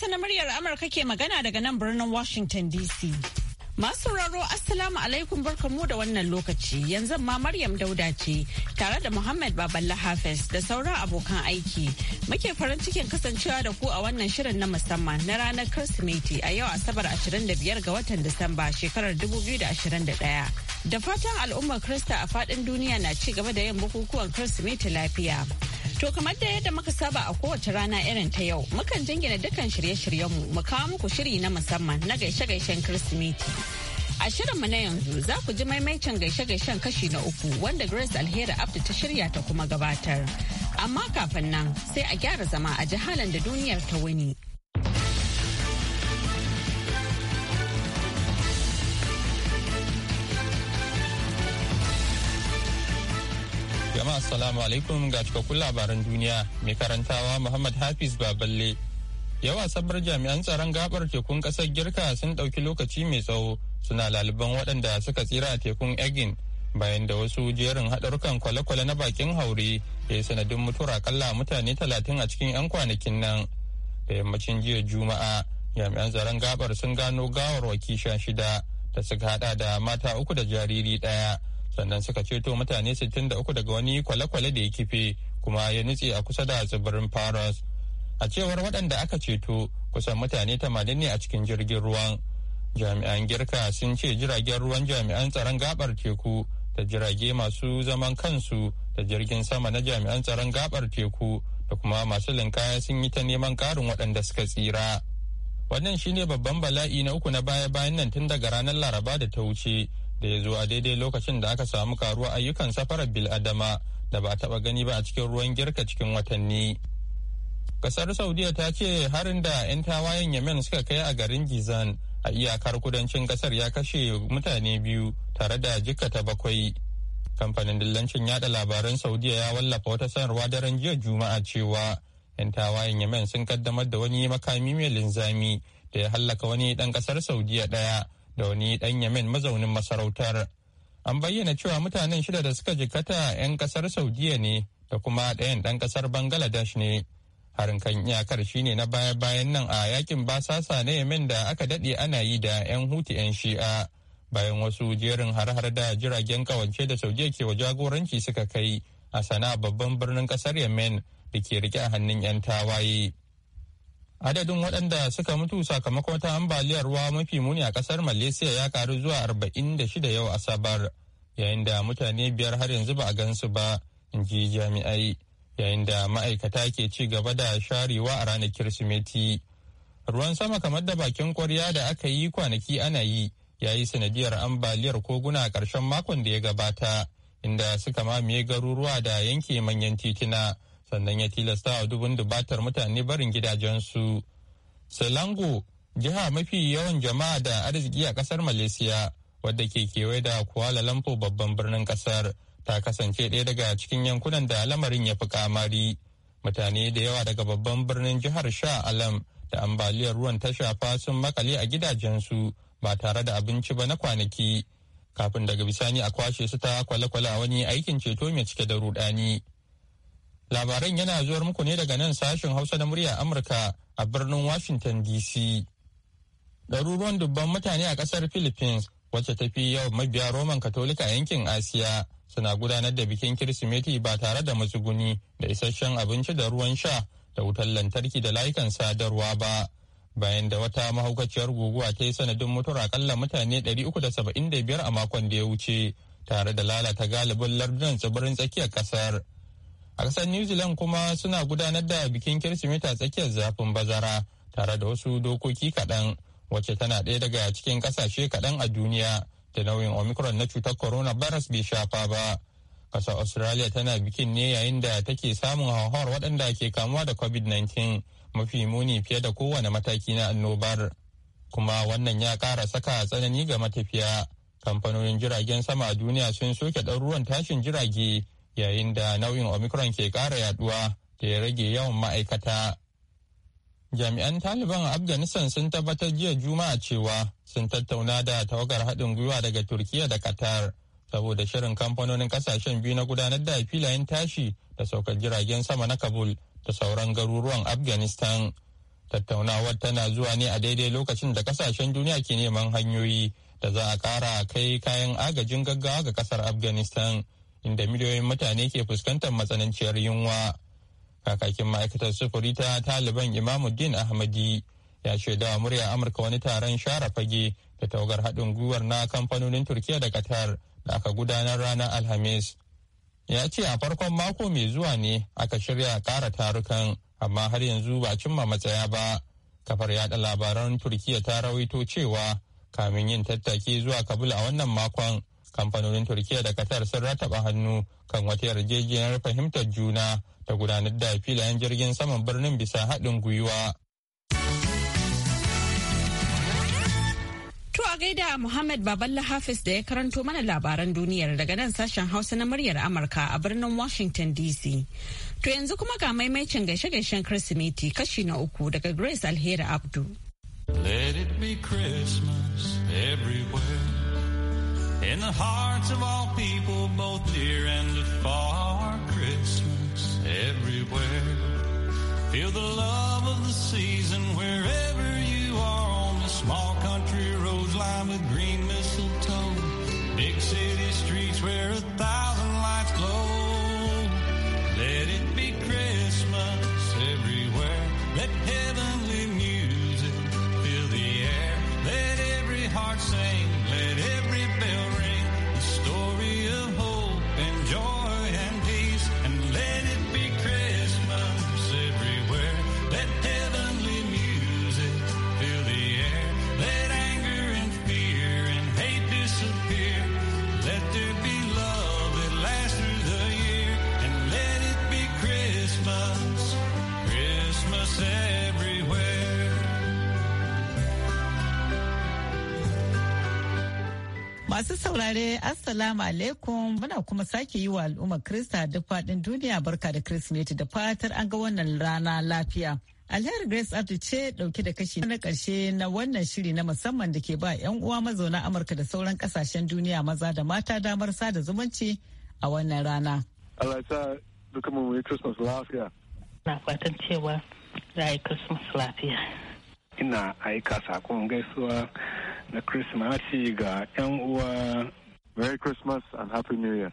Hausa na muryar Amurka ke magana daga nan birnin Washington DC. Masu raro Assalamu alaikum barkamu da wannan lokaci yanzu ma Maryam Dauda ce tare da Muhammad Baballa Hafiz da sauran abokan aiki. Muke farin cikin kasancewa da ku a wannan shirin na musamman na ranar Kirsimeti a yau Asabar 25 ga watan Disamba shekarar 2021. Da fatan al'ummar Krista a faɗin duniya na ci gaba da yin bukukuwan Kirsimeti lafiya. To kamar da yadda muka saba a kowace rana irin ta yau, mukan jingina dukkan shirye-shiryenmu mu kawo muku shiri na musamman na gaishe-gaishen Kirsimeti. A shirinmu na yanzu za ku ji maimaicin gaishe-gaishen kashi na uku wanda Grace Alheri Abdu ta shirya ta kuma gabatar. Amma kafin nan sai a gyara zama a ji halin da duniyar ta wuni. Jama'a assalamu alaikum ga cikakkun labaran duniya mai karantawa Muhammad Hafiz Baballe. Yawa sabar jami'an tsaron gabar tekun kasar Girka sun ɗauki lokaci mai tsawo suna laliban waɗanda suka tsira a tekun Egin bayan da wasu jerin haɗarukan kwale-kwale na bakin haure ya yi sanadin mutuwar akalla mutane talatin a cikin 'yan kwanakin nan. Da yammacin jiya Juma'a jami'an tsaron gabar sun gano gawar sha shida da suka hada da mata uku da jariri ɗaya. sannan suka ceto mutane 63 daga wani kwale-kwale da ya kife kuma ya nutse a kusa da tsibirin paris a cewar waɗanda aka ceto kusan mutane 80 ne a cikin jirgin ruwan jami'an girka sun ce jiragen ruwan jami'an tsaron gabar teku da jirage masu zaman kansu da jirgin sama na jami'an tsaron gabar teku da kuma masu linkaya sun yi ta neman karin waɗanda suka tsira wannan shine babban bala'i na uku na baya-bayan nan tun daga ranar laraba da ta wuce da ya zo a daidai lokacin da aka samu karuwa ayyukan safarar biladama da ba a taba gani ba a cikin ruwan girka cikin watanni. Kasar Saudiya ta ce harin da 'yan tawayen yamen suka kai a garin Gizan a iyakar kudancin kasar ya kashe mutane biyu tare da ta bakwai. Kamfanin dillancin yada labaran Saudiya ya wallafa wata sanarwa daren jiya Juma'a cewa 'yan tawayen yamen sun kaddamar da wani makami mai linzami da ya hallaka wani ɗan kasar Saudiya ɗaya da wani ɗan yamen mazaunin masarautar. An bayyana cewa mutanen shida da suka jikata 'yan kasar Saudiya ne da kuma ɗayan ɗan kasar Bangladesh ne. Harin kan iyakar shine na baya-bayan nan a yakin basasa na yamen da aka daɗe ana yi da 'yan hutu 'yan shi'a. Bayan wasu jerin har-har da jiragen kawance da Saudiya ke wa jagoranci suka kai a sana'a babban birnin kasar yamen da ke rike a hannun 'yan tawaye. adadin waɗanda suka mutu sakamakon wata ambaliyar ruwa mafi muni a ƙasar malaysia ya karu zuwa 46 yau asabar yayin da mutane biyar har yanzu ba a gansu ba in ji jami'ai yayin da ma'aikata ke ci gaba da sharewa a ranar kirsimeti ruwan sama kamar da bakin kwarya da aka yi kwanaki ana yi ya yi sanadiyar ambaliyar koguna a ƙarshen makon da ya gabata inda suka mamaye garuruwa da yanke manyan titina sannan ya tilasta wa dubun dubatar mutane barin gidajensu. Selangu, jiha mafi yawan jama'a da arziki a kasar Malaysia wadda ke kewaye da Kuala Lumpur babban birnin kasar ta kasance ɗaya daga cikin yankunan da lamarin ya fi kamari. Mutane da yawa daga babban birnin jihar Sha Alam da ambaliyar ruwan ta shafa sun makale a gidajensu ba tare da abinci ba na kwanaki. Kafin daga bisani a kwashe su ta kwale-kwale a wani aikin ceto mai cike da rudani. Labaran yana zuwar muku ne daga nan sashen Hausa na murya Amurka a birnin Washington DC. Ɗaruruwan dubban mutane a ƙasar Philippines wacce ta fi yawan mabiya Roman Katolika a yankin Asiya suna gudanar da bikin Kirsimeti ba tare da matsuguni da isasshen abinci da ruwan sha da wutar lantarki da layukan sadarwa ba. Bayan da wata mahaukaciyar guguwa ta yi sanadin mutuwar akalla mutane 375 a makon da ya wuce tare da lalata galibin lardunan tsibirin tsakiyar ƙasar. a ƙasar new zealand kuma suna gudanar da bikin kirsimeti a tsakiyar zafin bazara tare da wasu dokoki kaɗan wacce tana ɗaya daga cikin ƙasashe kaɗan a duniya da nauyin omicron na cutar corona coronavirus bai shafa ba ƙasar australia tana bikin ne yayin da take samun hauhawar waɗanda ke kamuwa da covid-19 mafi muni fiye da kowane mataki na annobar kuma wannan ya ƙara saka tsanani ga matafiya kamfanonin jiragen sama a duniya sun soke ɗaruruwan tashin jirage yayin da nau'in omicron ke ƙara yaduwa da ya rage yawan ma'aikata jami'an taliban a afghanistan sun tabbatar jiya juma'a cewa sun tattauna da tawagar haɗin gwiwa daga turkiyya da qatar saboda shirin kamfanonin kasashen biyu na gudanar da filayen tashi da saukar jiragen sama na kabul da sauran garuruwan afghanistan tattaunawar tana zuwa ne a daidai lokacin da kasashen duniya ke neman hanyoyi da za a kara kai kayan agajin gaggawa ga kasar afghanistan inda miliyoyin mutane ke fuskantar matsananciyar yunwa kakakin ma'aikatar sufuri ta taliban imamuddin ahmadi ya shaidawa murya amurka wani taron share fage da taugar haɗin gwiwar na kamfanonin turkiya da qatar da aka gudanar ranar alhamis ya ce a farkon mako mai zuwa ne aka shirya ƙara tarukan amma har yanzu ba cimma matsaya ba kafar yaɗa labaran turkiya ta rawaito cewa kamin yin tattaki zuwa kabul a wannan makon kamfanonin turkiya da qatar sun rataba hannu kan wata yarjejeniyar fahimtar juna ta gudanar da filayen jirgin saman birnin bisa haɗin gwiwa To a gaida Muhammad Baballa Hafiz da ya karanto mana labaran duniyar daga nan sashen Hausa na muryar Amurka a birnin Washington DC. To yanzu kuma ga maimaicin gaishe-gaishen Kirsimeti kashi na uku daga Grace Alheri Abdu. Let it be Christmas everywhere. in the hearts of all people, both near and afar. Christmas everywhere. Feel the love of the season wherever you are on the small country roads lined with green mistletoe. Big city streets where saurare Assalamu alaikum muna kuma sake yi wa al'ummar Krista duk faɗin duniya barka da Kirsimeti da fatar an ga wannan rana lafiya. Alheri Grace Abdu ce dauke da kashi na karshe na wannan shiri na musamman da ke ba 'yan uwa mazauna Amurka da sauran kasashen duniya maza da mata damar sada zumunci a wannan rana. sa mu yi lafiya. Na fatan cewa za a yi Christmas lafiya. Ina aika sakon gaisuwa na Christmas ga 'yan uwa. Merry Christmas and Happy New Year.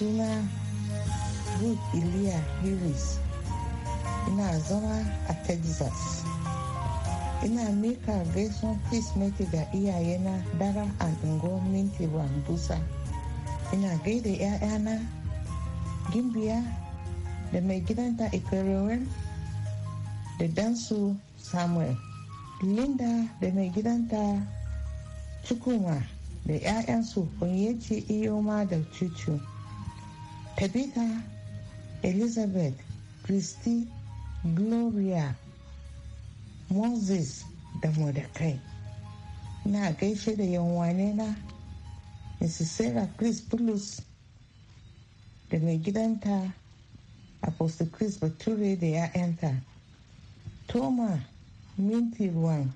suna ruth iliya lewis ina zama a texas ina mika gaison peacemaker ga iyayena dara al'ungo minti wambusa ina gaida 'ya'yana gimbiya da mai gidanta ikerewar da dansu samuel linda da mai gidanta cikunwa da 'ya'yansu kunyeci iyoma da cucu tabitha elizabeth christy gloria moses da mordecai na gaishe da yanwane na mrs sarah chris bulus da mai gidanta apostle chris bature da 'ya'yanta toma minti ruwan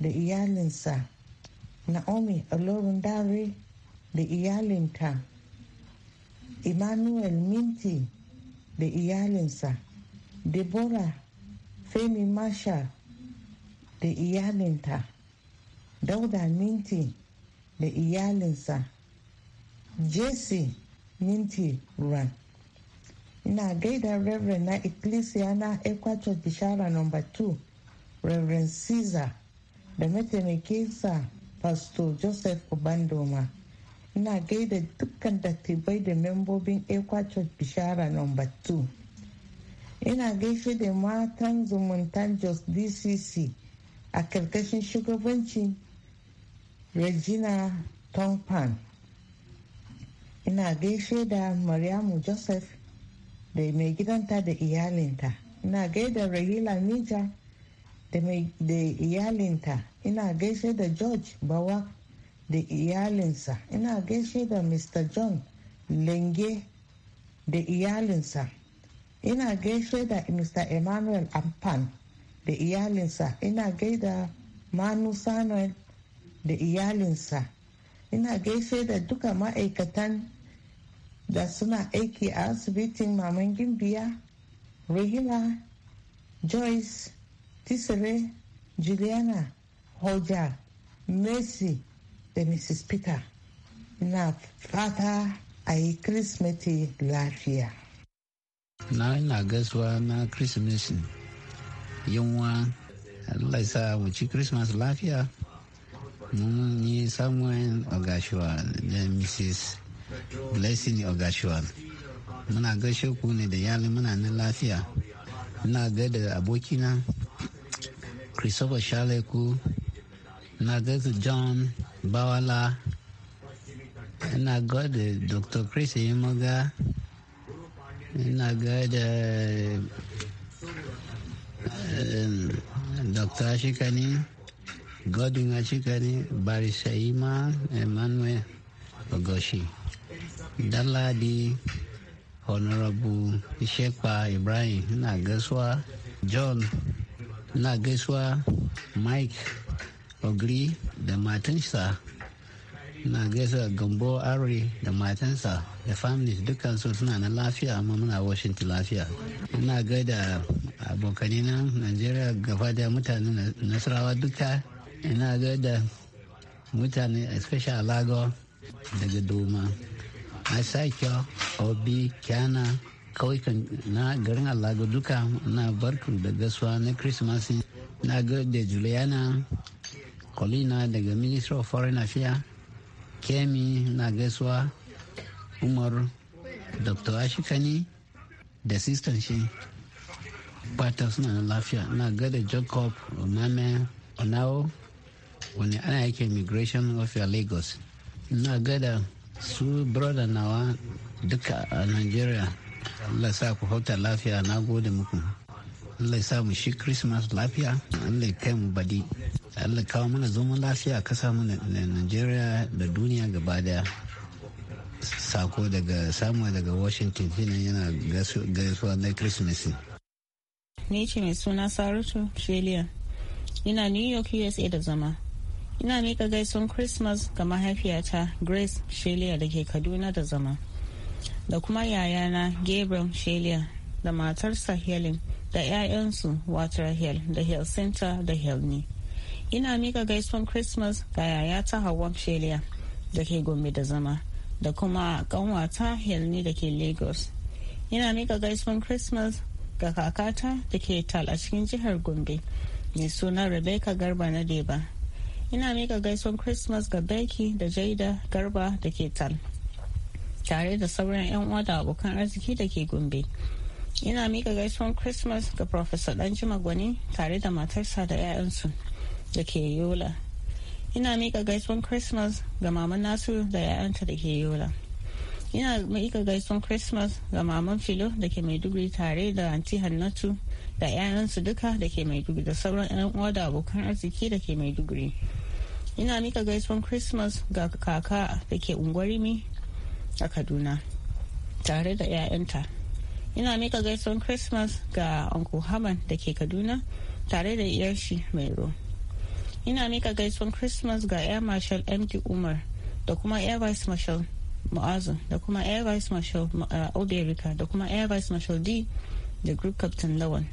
da iyalinsa naomi olorin dare da iyalinta emmanuel minti da iyalinsa deborah femi Masha da iyalinta dauda minti da iyalinsa jesse minti ruwan ina gaida reverend na ecclesia na equator bishara no 2 reverend caesar da mataimakinsa pastor joseph obandoma ina gaida dukkan dattibai da membobin Church bishara nomba 2 ina gaishe da matan zumuntan jos dcc a karkashin shugabanci regina tompan ina gaishe da mariamu joseph da mai gidanta da iyalinta ina gaida rahila mija da iyalinta ina gaishe da george bawa da iyalinsa ina gaishe da mr john lenge da iyalinsa ina gaishe da mr emmanuel ampan da iyalinsa ina gaida manu samuel da iyalinsa ina gaishe da duka ma'aikatan da suna aiki a asibitin maman gimbiya rahila joyce tisere juliana hoja mercy da mrs peter na fata a yi kirismeti lafiya na ina gaisuwa na kirismeti yunwa allah sa mu ci christmas lafiya mun yi samuel ogashiwa da mrs blessing ogashiwa muna gaishe ku ne da yalin muna na lafiya ga da abokina christopher shaleku na ga john bawala ina gode dr chris yimoga ina gode dr ashikani godwin ashikani barisa ima emmanuel ogoshi daladi honorable Shepa Ibrahim na gaisuwa John na gaisuwa Mike Ogri da matansa. na gaisa gambo are da matansa da families dukansu suna na lafiya amma muna washington lafiya ina gaida abokanai nan najeriya gaba da mutane nasarawa duka ina gaida mutane especially lago daga doma asakyo obi kyana kauyukan na garin alago duka na barku da gaswa na christmas na gaida juliana colina daga ministry of foreign affairs kemi na gaisuwa umar dr ashikani da sistan shi fata suna na lafiya na gada jacob oname onawo wani ana yake migration of lagos na gada su broda nawa duka a nigeria allah sa ku hauta lafiya na gode muku allah sa mu shi christmas lafiya allah kai mu badi Allah kawo mana zoman lafiya ka samu Najeriya da duniya gaba daya. Sako daga samu daga Washington filin yana gaisuwa na Christmas. Ni ce mai suna saratu Shelia. Ina New York USA da zama. Ina mika gaisuwan Christmas ga mahaifiyata Grace Shelia da ke Kaduna da zama. Da kuma yayana Gabriel Shelia da matarsa Helen da 'ya'yansu water Hel da Hel Center da Helni. ina mika gaisuwan christmas ga yayata hawan shelia da ke gombe da zama da kuma kanwata helmi da ke lagos ina mika gaisuwan christmas ga kakata da ke tal a cikin jihar gombe mai suna rebecca garba na deba ina mika gaisuwan christmas ga becky da jaida garba da ke tal tare da sauran 'yan uwa da abokan arziki da ke gombe ina mika gaisuwan christmas ga professor danjima gwani tare da matarsa da 'ya'yansu da ke yola ina mika gaisuwan christmas ga maman nasu da yayanta da ke yola ina mika gaisuwan christmas ga maman filo da ke maiduguri tare da anti hannatu da 'ya'yansu duka da ke maiduguri da sauran 'yan uwa da abokan arziki da ke maiduguri ina mika gaisuwan christmas ga kaka da ke ungwarimi a kaduna tare da 'ya'yanta ina mika gaisuwan christmas ga uncle haman da ke kaduna tare da mai ro. ina mika gaisuwan christmas ga air marshal md umar da kuma air vice marshal mu'azu da kuma air vice marshal oberika uh, da kuma air vice marshal d da group captain lawan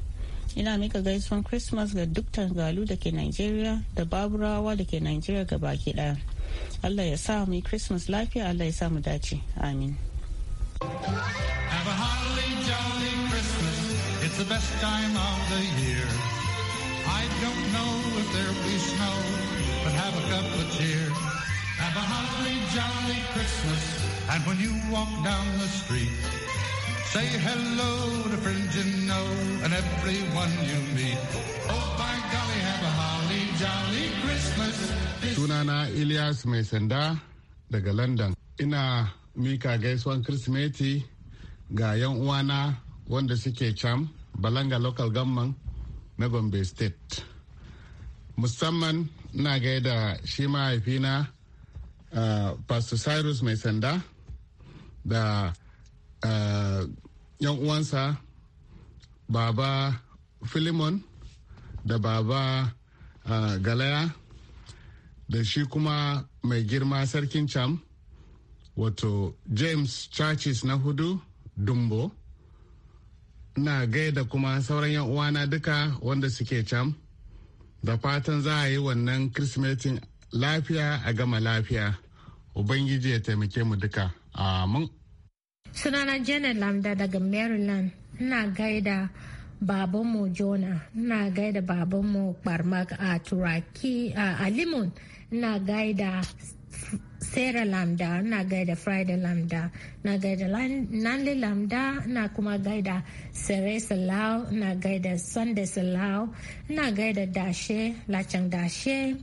ina mika gaisuwan christmas ga duk tangalu da ke nigeria da baburawa da ke nigeria ga baki daya allah ya sa mu christmas lafiya allah ya sa mu dace amin Have a holly, jolly Christmas. It's the best time of the year. don't know if there'll be snow, but have a cup of cheer. Have a holly jolly Christmas, and when you walk down the street, say hello to friends you know and everyone you meet. Oh, by golly, have a holly jolly Christmas. Tunana Elias Mai Sanda daga Ina mika gaisuwan Kirsimeti ga 'yan uwana wanda suke cam Balanga Local Government na gombe state musamman ina gaida shi mahaifina uh, pastor cyrus mai sanda da uh, yan uwansa baba filimon da baba uh, galaya da shi kuma mai girma sarkin cham wato james churches na hudu dumbo na gaida kuma sauran yan uwana duka wanda suke cam da fatan za a yi wannan kirsimetin lafiya a gama lafiya ubangiji ya taimake mu duka amin sunana janet lamda daga maryland na gaida babanmu jona na gaida babanmu barmak a turaki a limon na gaida Sera Lambda, ina gaida Friday Lambda, ina gaida Nanli Lambda, ina kuma gaida Sere Salau, ina gaida Sunday Salau, ina gaida Dashe, Lachang Dashe,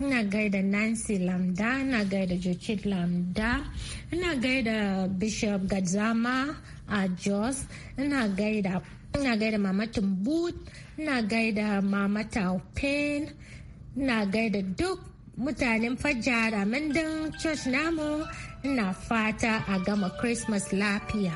ina gaida Nancy Lambda, ina gaida Jochit Lambda, ina gaida Bishop Gadzama a Jos, ina gaida na gaida Mama Tumbut, ina gaida Mama Taupen, ina gaida duk mutanen fajjar a church namu ina fata a gama christmas lafiya.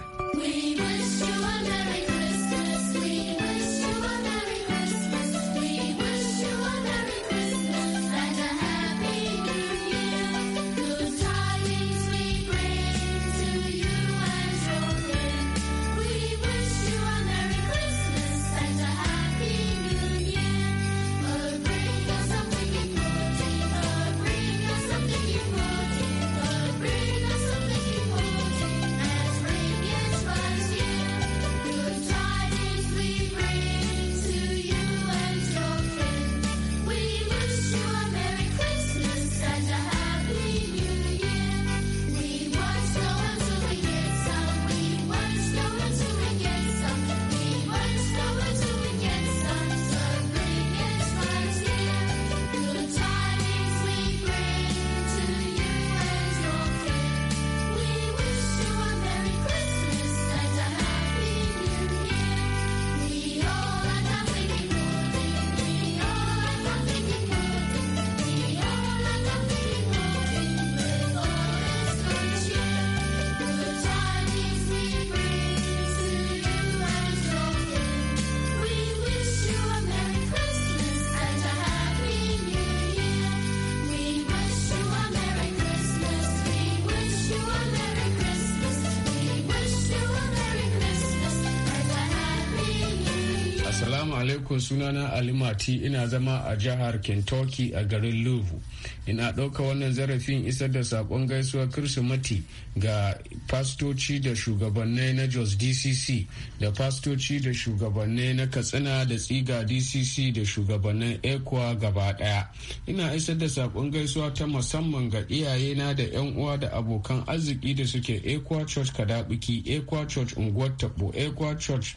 alaikum sunana alimati ina zama a jihar kentucky a garin luvu ina ɗauka wannan zarafin isar da saƙon gaisuwa kirsimati ga fastoci da shugabannai na jos dcc da fastoci da shugabannai na katsina da tsiga dcc da shugabannin ekwa gaba ɗaya ina isar da saƙon gaisuwa ta musamman ga iyayena da 'yan uwa da abokan arziki da suke ekwa church kadabiki ekwa church unguwar tabo ekwa church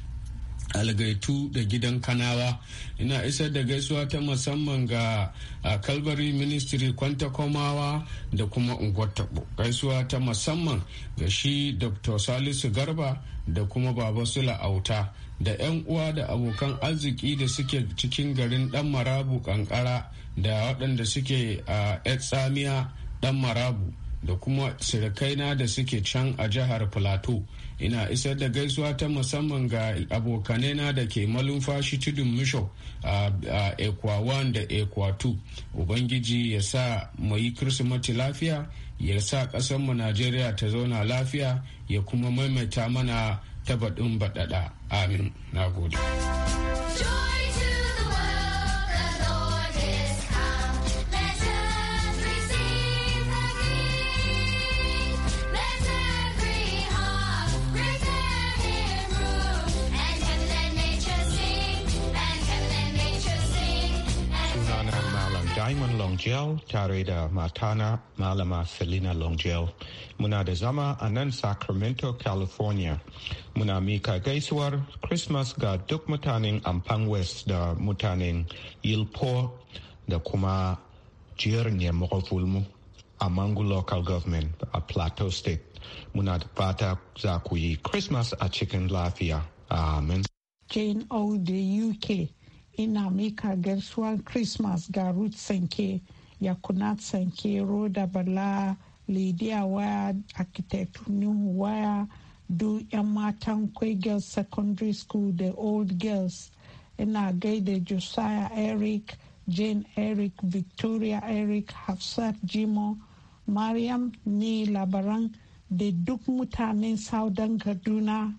algaitu da gidan kanawa ina isar da gaisuwa ta musamman ga calvary ministry kwanta komawa da kuma ungwataɓo gaisuwa ta musamman ga shi dr salisu garba da kuma baba sula auta da 'yan uwa da abokan arziki da suke cikin garin dan marabu kankara da waɗanda suke a tsamiya dan marabu da kuma sirikaina da suke can a jihar plateau ina isar da gaisuwa ta musamman ga abokanena da ke malumfashi tudun misho a ekwa 1 da ekwa 2 ubangiji ya sa mu yi kirsimati lafiya ya sa mu najeriya ta zauna lafiya ya kuma maimaita mana ta baɗin baɗaɗa amin na gode Diamond Longjel tare da matana Malama Selina Longjel. Muna da zama a nan Sacramento, California. Muna mika gaisuwar Christmas ga duk mutanen Ampan West da mutanen Ilpo da kuma jiyar Nemorofulmu a Mangu Local Government a Plateau State. Muna da fata za ku yi Christmas a cikin lafiya. Amen. Jane O. UK ina mika gaisuwan christmas ga ruth sanke yakunat sanke roda bala lidiya waya architect New waya duk 'yan matan kwai girls secondary school da old girls ina gaida josiah eric jane eric victoria eric hafsat jimo mariam ni labaran da duk mutanen saudan kaduna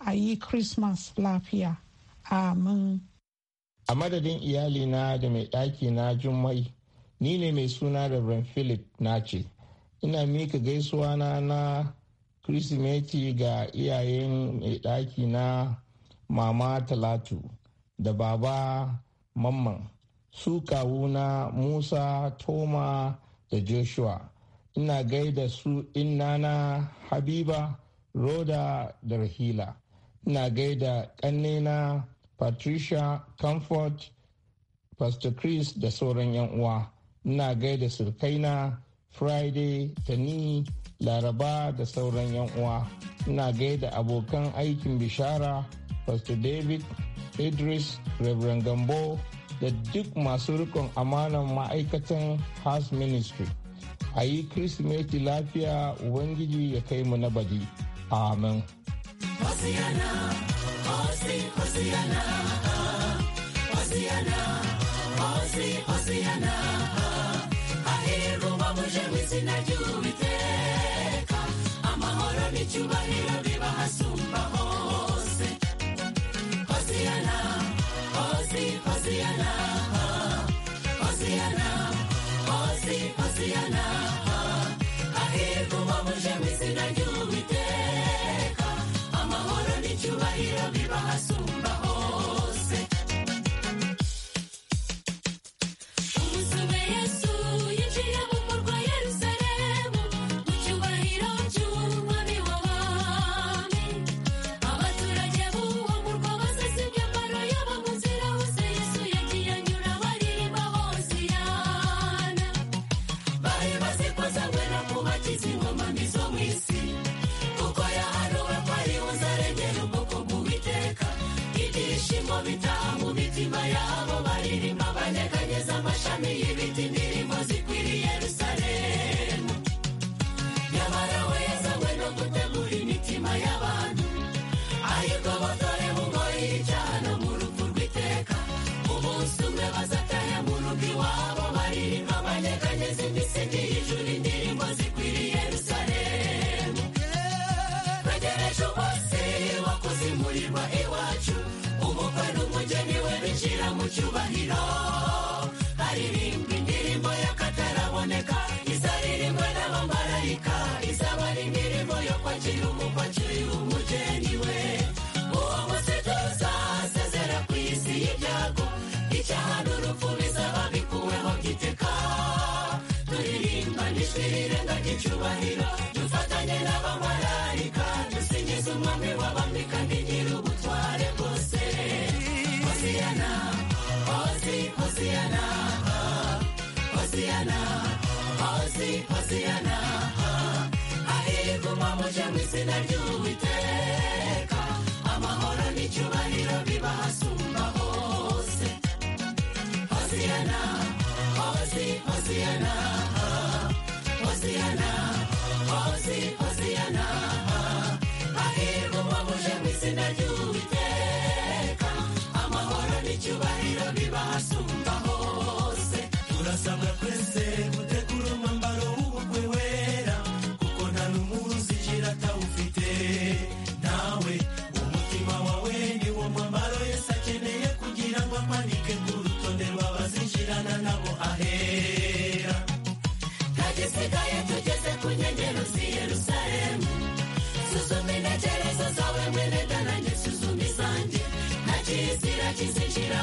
a yi christmas lafiya amin a madadin iyalina da mai ɗaki na jummai ni ne mai suna da philip na ce, ina mika gaisuwa na na kirsimeti ga iyayen mai ɗaki na mama talatu da baba mamman su kawuna musa toma da joshua ina gaida su na habiba roda da rahila ina gaida ƙannena patricia comfort pastor chris da sauran 'yan uwa ina gaida surkaina friday tani laraba da sauran 'yan uwa ina gaida abokan aikin bishara pastor david idris reverend gambo da duk masu rikon amanan ma'aikatan house ministry a yi kirsimeti lafiya ubangiji ya kai mu na baji amen. Hosiana, ahiru babuje mwizina juu in. birirenda k'icyubahiro dufatanye n'abamarayika dusingize umwami w'abami kandi nyir'ubutware bwose hosiyana hosi hosiyana hosiyana hosi hosiyana mu izina kizishira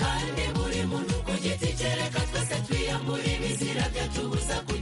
kandi buri muntu ku giti kereka twese twiyambura ibizira byo tubuza kugira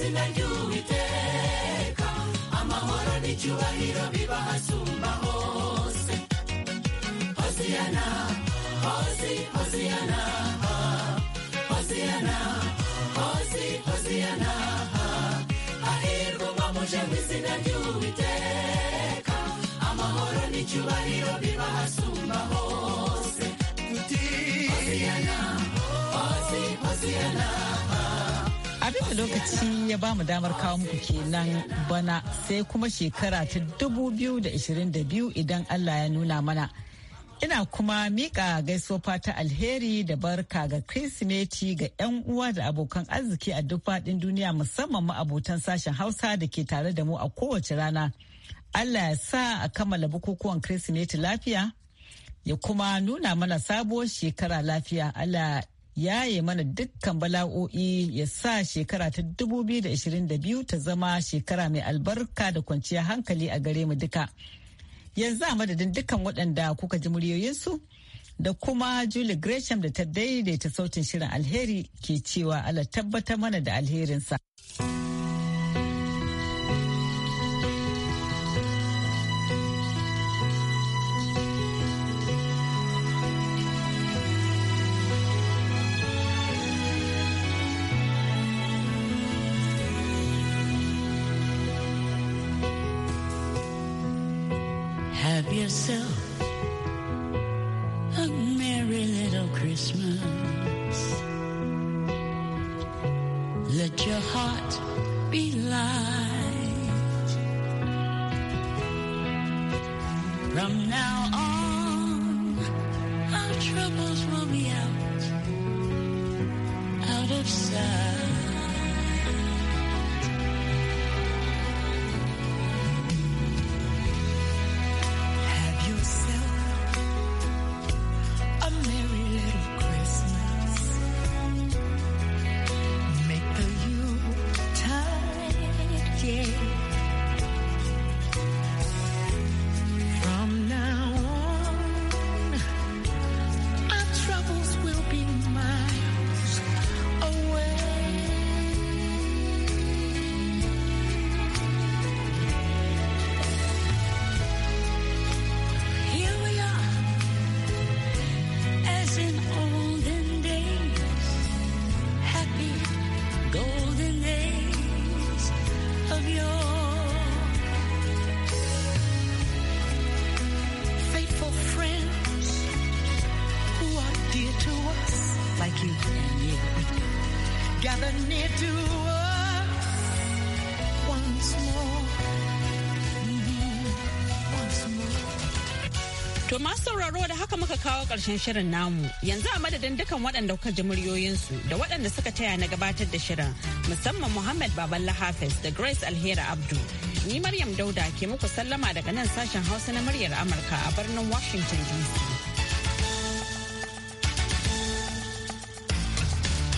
amazina y'uwiteka amahoro n'icyubahiro biba hasumba hose hoziyana hozi hoziyana hoziyana hozi hoziyana hahirwa umwamuje mu izina ry'uwiteka amahoro n'icyubahiro biba hasumba hose hoziyana hozi hoziyana abin da lokaci ya ba mu damar kawo muku kenan bana sai kuma shekara ta 2022 idan Allah ya nuna mana. Ina kuma miƙa gaisuwa fata alheri da barka ga Kirsimeti ga 'yan uwa da abokan arziki a duk faɗin duniya musamman ma abotan sashen Hausa da ke tare da mu a kowace rana. Allah ya sa a kammala bukukuwan Kirsimeti lafiya ya kuma nuna mana sabuwar shekara lafiya. Allah ya yi mana dukkan bala'o'i ya sa shekara ta 2022 ta zama shekara mai albarka da kwanciya hankali a gare mu duka. Yanzu a madadin dukkan waɗanda kuka ji muryoyinsu da kuma Julie Gresham da ta daidaita sautin shirin alheri ke cewa Allah tabbatar mana da alherinsa. have yourself a merry little Christmas. Let your heart be light. From now on. sauraro da haka muka kawo ƙarshen shirin namu yanzu a madadin dukan waɗanda kuka ji muryoyinsu da waɗanda suka taya na gabatar da shirin musamman Muhammad Baballa Hafiz da Grace Alhera Abdu. Ni Maryam Dauda ke muku sallama daga nan sashen Hausa na muryar Amurka a birnin Washington DC.